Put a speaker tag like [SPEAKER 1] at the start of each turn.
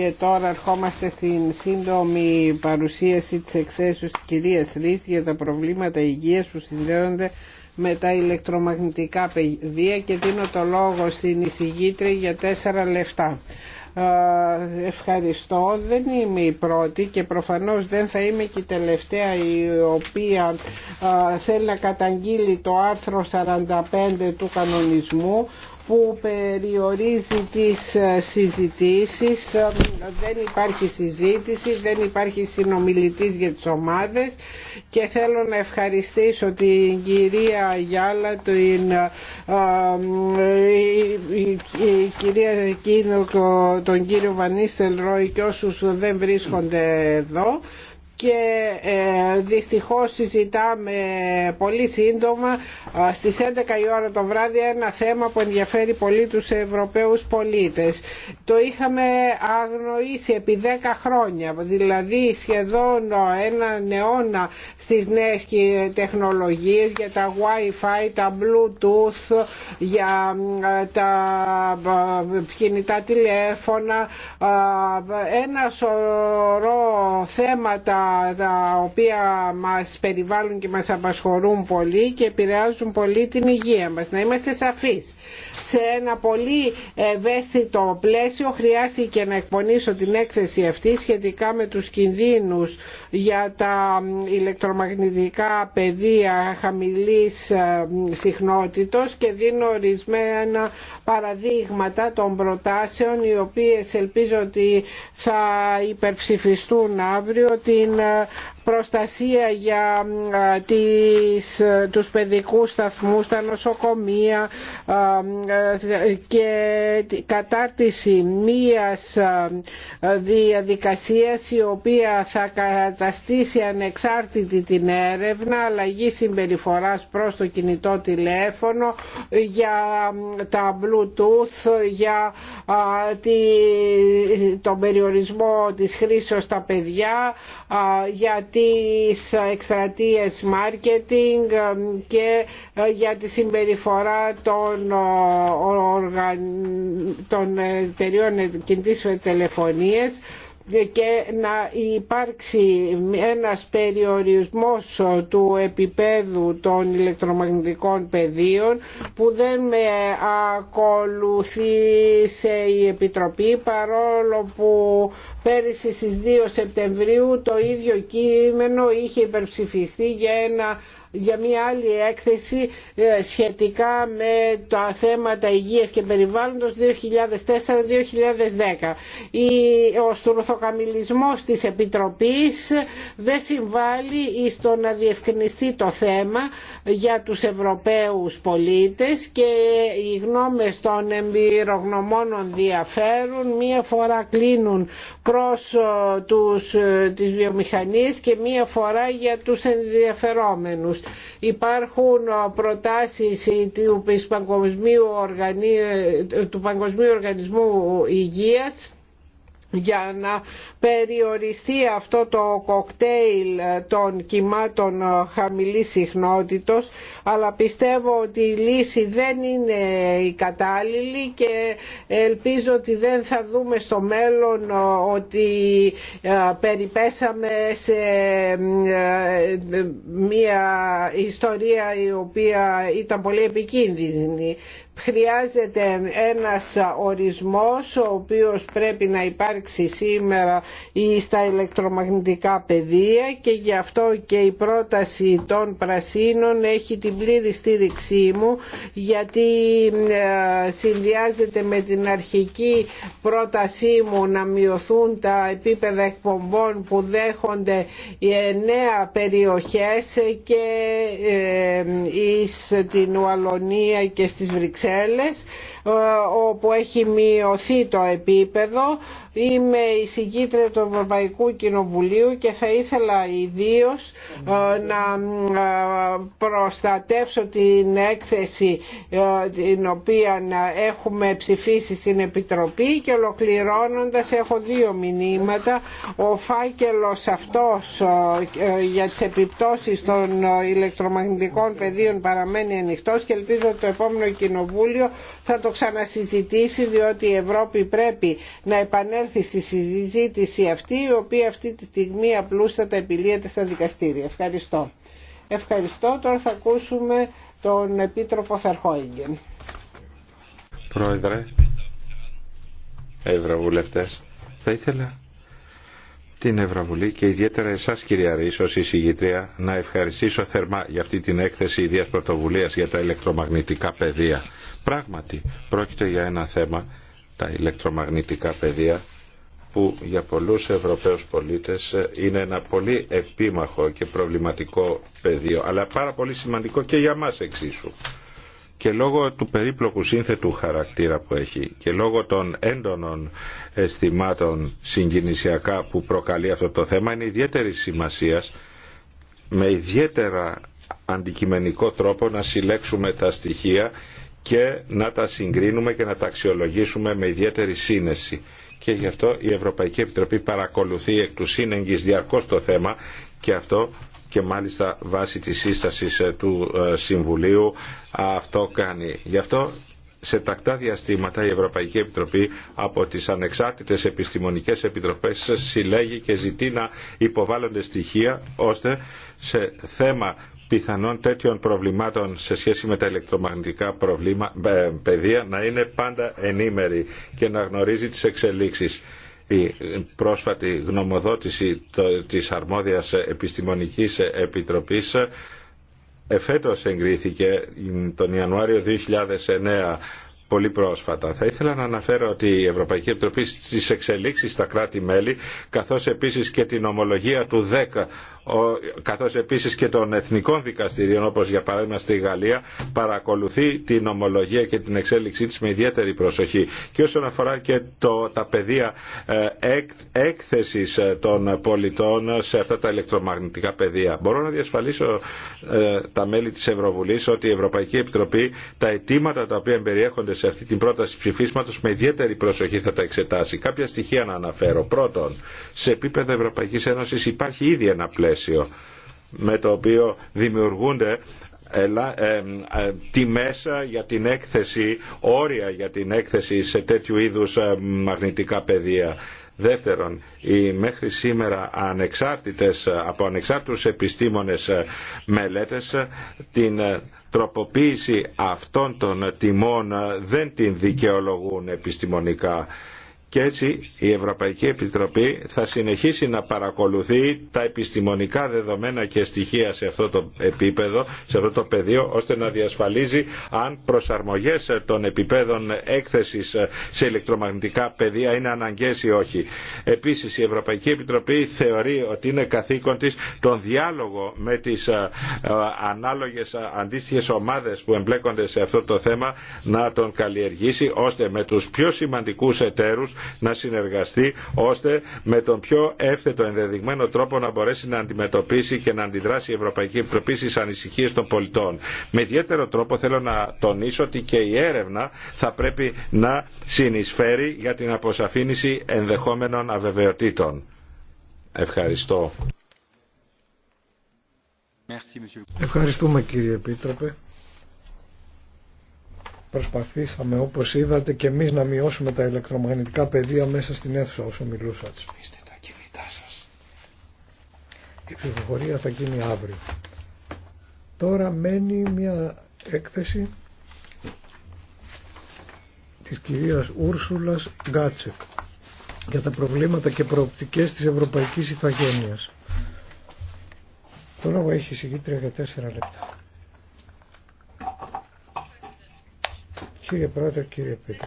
[SPEAKER 1] και τώρα ερχόμαστε στην σύντομη παρουσίαση της εξαίσουσης της κυρίας Ρης για τα προβλήματα υγείας που συνδέονται με τα ηλεκτρομαγνητικά πεδία και δίνω το λόγο στην εισηγήτρια για τέσσερα λεφτά. Ευχαριστώ. Δεν είμαι η πρώτη και προφανώς δεν θα είμαι και η τελευταία η οποία θέλει να καταγγείλει το άρθρο 45 του κανονισμού που περιορίζει τις ε, συζητήσεις, ε, δεν υπάρχει συζήτηση, δεν υπάρχει συνομιλητής για τις ομάδες και θέλω να ευχαριστήσω την κυρία Γιάλα, την ε, η κυρία Κίνο, τον κύριο Βανίστελ Ρόι και όσους δεν βρίσκονται εδώ και ε, δυστυχώς συζητάμε πολύ σύντομα ε, στις 11 η ώρα το βράδυ ένα θέμα που ενδιαφέρει πολύ τους Ευρωπαίους πολίτες. Το είχαμε αγνοήσει επί 10 χρόνια, δηλαδή σχεδόν ε, ένα αιώνα στις νέες τεχνολογίες για τα Wi-Fi, τα Bluetooth, για τα κινητά τηλέφωνα, ένα σωρό θέματα τα οποία μας περιβάλλουν και μας απασχολούν πολύ και επηρεάζουν πολύ την υγεία μας. Να είμαστε σαφείς σε ένα πολύ ευαίσθητο πλαίσιο χρειάστηκε να εκπονήσω την έκθεση αυτή σχετικά με τους κινδύνους για τα ηλεκτρομαγνητικά πεδία χαμηλής ε, συχνότητος και δίνω ορισμένα παραδείγματα των προτάσεων οι οποίες ελπίζω ότι θα υπερψηφιστούν αύριο την ε, προστασία για τις, τους παιδικούς σταθμούς, τα νοσοκομεία ε, και κατάρτιση μίας διαδικασίας η οποία θα καταστήσει ανεξάρτητη την έρευνα αλλαγή συμπεριφοράς προς το κινητό τηλέφωνο για τα bluetooth για τον περιορισμό της χρήσης στα παιδιά γιατί τις εκστρατείες marketing ε, και ε, για τη συμπεριφορά των, ε, οργαν... των εταιριών κινητής και να υπάρξει ένας περιορισμός του επίπεδου των ηλεκτρομαγνητικών πεδίων που δεν με ακολουθεί σε η Επιτροπή παρόλο που πέρυσι στις 2 Σεπτεμβρίου το ίδιο κείμενο είχε υπερψηφιστεί για ένα για μια άλλη έκθεση ε, σχετικά με τα θέματα υγείας και περιβάλλοντος 2004-2010. Ο στουρθοκαμιλισμός της Επιτροπής δεν συμβάλλει στο να διευκρινιστεί το θέμα για τους Ευρωπαίους πολίτες και οι γνώμες των εμπειρογνωμόνων διαφέρουν. Μία φορά κλείνουν προς ε, τους, ε, τις βιομηχανίες και μία φορά για τους ενδιαφερόμενους Υπάρχουν προτάσεις ε, ε, του Παγκοσμίου Οργανισμού Υγείας για να περιοριστεί αυτό το κοκτέιλ των κυμάτων χαμηλής συχνότητος αλλά πιστεύω ότι η λύση δεν είναι η κατάλληλη και ελπίζω ότι δεν θα δούμε στο μέλλον ότι ε, περιπέσαμε σε ε, μια ιστορία η οποία ήταν πολύ επικίνδυνη χρειάζεται ένας ορισμός ο οποίος πρέπει να υπάρξει σήμερα στα ηλεκτρομαγνητικά πεδία και γι' αυτό και η πρόταση των πρασίνων έχει την πλήρη στήριξή μου γιατί ε, συνδυάζεται με την αρχική πρότασή μου να μειωθούν τα επίπεδα εκπομπών που δέχονται οι ε, νέα περιοχές και στην ε, Ουαλονία και στις Βρυξέλλες Βρυξέλλες ε, όπου έχει μειωθεί το επίπεδο. Είμαι η συγκίτρια του Ευρωπαϊκού Κοινοβουλίου και θα ήθελα ιδίως ε, να ε, προστατεύσω την έκθεση την οποία έχουμε ψηφίσει στην Επιτροπή και ολοκληρώνοντας έχω δύο μηνύματα. Ο φάκελος αυτός για τις επιπτώσεις των ηλεκτρομαγνητικών πεδίων παραμένει ανοιχτός και ελπίζω ότι το επόμενο Κοινοβούλιο το το ξανασυζητήσει διότι η Ευρώπη πρέπει να επανέλθει στη συζήτηση αυτή η οποία αυτή τη στιγμή απλούστατα επιλύεται στα δικαστήρια. Ευχαριστώ. Ευχαριστώ. Τώρα θα ακούσουμε τον Επίτροπο Φερχόγγεν.
[SPEAKER 2] Πρόεδρε, Ευρωβουλευτές, θα ήθελα την Ευρωβουλή και ιδιαίτερα εσάς κυρία Ρίσο, η συγγητρία, να ευχαριστήσω θερμά για αυτή την έκθεση ιδίας πρωτοβουλία για τα ηλεκτρομαγνητικά πεδία. Πράγματι, πρόκειται για ένα θέμα, τα ηλεκτρομαγνητικά πεδία, που για πολλούς Ευρωπαίους πολίτες ε, είναι ένα πολύ επίμαχο και προβληματικό πεδίο, αλλά πάρα πολύ σημαντικό και για μας εξίσου. Και λόγω του περίπλοκου σύνθετου χαρακτήρα που έχει και λόγω των έντονων αισθημάτων συγκινησιακά που προκαλεί αυτό το θέμα είναι ιδιαίτερη σημασία με ιδιαίτερα αντικειμενικό τρόπο να συλλέξουμε τα στοιχεία και να τα συγκρίνουμε και να τα αξιολογήσουμε με ιδιαίτερη σύνεση. Και γι' αυτό η Ευρωπαϊκή Επιτροπή παρακολουθεί εκ του σύνεγγυς διαρκώς το θέμα και αυτό και μάλιστα βάσει της σύστασης ε, του ε, Συμβουλίου αυτό κάνει. Γι' αυτό σε τακτά διαστήματα η Ευρωπαϊκή Επιτροπή από τις ανεξάρτητες επιστημονικές επιτροπές συλλέγει και ζητεί να υποβάλλονται στοιχεία ώστε σε θέμα πιθανών τέτοιων προβλημάτων σε σχέση με τα ηλεκτρομαγνητικά προβλήμα, ε, παιδεία να είναι πάντα ενήμερη και να γνωρίζει τις εξελίξεις. Η πρόσφατη γνωμοδότηση της αρμόδιας επιστημονικής επιτροπής ε, εφέτος εγκρίθηκε τον Ιανουάριο 2009 πολύ πρόσφατα. Θα ήθελα να αναφέρω ότι η Ευρωπαϊκή Επιτροπή στις εξελίξεις στα κράτη-μέλη, καθώς επίσης και την ομολογία του 10, καθώς επίσης και των εθνικών δικαστηρίων, όπως για παράδειγμα στη Γαλλία, παρακολουθεί την ομολογία και την εξέλιξή της με ιδιαίτερη προσοχή. Και όσον αφορά και το, τα πεδία ε, έκθεσης ε, των πολιτών σε αυτά τα ηλεκτρομαγνητικά πεδία. Μπορώ να διασφαλίσω ε, τα μέλη της Ευρωβουλής ότι η Ευρωπαϊκή Επιτροπή τα αιτήματα τα οποία περιέχονται σε αυτή την πρόταση ψηφίσματος με ιδιαίτερη προσοχή θα τα εξετάσει. Κάποια στοιχεία να αναφέρω. Πρώτον, σε επίπεδο Ευρωπαϊκής Ένωσης υπάρχει ήδη ένα πλαίσιο με το οποίο δημιουργούνται τη μέσα για την έκθεση, όρια για την έκθεση σε τέτοιου είδους μαγνητικά πεδία. Δεύτερον, οι μέχρι σήμερα ανεξάρτητες, από ανεξάρτητους επιστήμονες ε, μελέτες την ε, τροποποίηση αυτών των τιμών ε, δεν την δικαιολογούν επιστημονικά και έτσι η Ευρωπαϊκή Επιτροπή θα συνεχίσει να παρακολουθεί τα επιστημονικά δεδομένα και στοιχεία σε αυτό το επίπεδο, σε αυτό το πεδίο, ώστε να διασφαλίζει αν προσαρμογές των επιπέδων έκθεσης σε ηλεκτρομαγνητικά πεδία είναι αναγκαίες ή όχι. Επίσης η Ευρωπαϊκή Επιτροπή θεωρεί ότι είναι καθήκον της τον διάλογο με τις ε, ανάλογες ε, αντίστοιχες ομάδες που εμπλέκονται σε αυτό το θέμα να τον καλλιεργήσει ώστε με τους πιο σημαντικούς εταίρους να συνεργαστεί ώστε με τον πιο εύθετο ενδεδειγμένο τρόπο να μπορέσει να αντιμετωπίσει και να αντιδράσει η Ευρωπαϊκή Επιτροπή στι ανησυχίε των πολιτών. Με ιδιαίτερο τρόπο θέλω να τονίσω ότι και η έρευνα θα πρέπει να συνεισφέρει για την αποσαφήνιση ενδεχόμενων αβεβαιοτήτων. Ευχαριστώ. Ευχαριστούμε κύριε Επίτροπε. Προσπαθήσαμε όπως είδατε και εμείς να μειώσουμε τα ηλεκτρομαγνητικά πεδία μέσα στην αίθουσα όσο μιλούσα. Σβήστε τα κινητά σας. Η ψηφοφορία θα γίνει αύριο. Τώρα μένει μια έκθεση της κυρίας Ούρσουλας Γκάτσεκ για τα προβλήματα και προοπτικές της Ευρωπαϊκής Ιθαγένειας. Το λόγο έχει συγκίτρια για τέσσερα λεπτά. Κύριε Πρόεδρε, κύριε Πίτρο.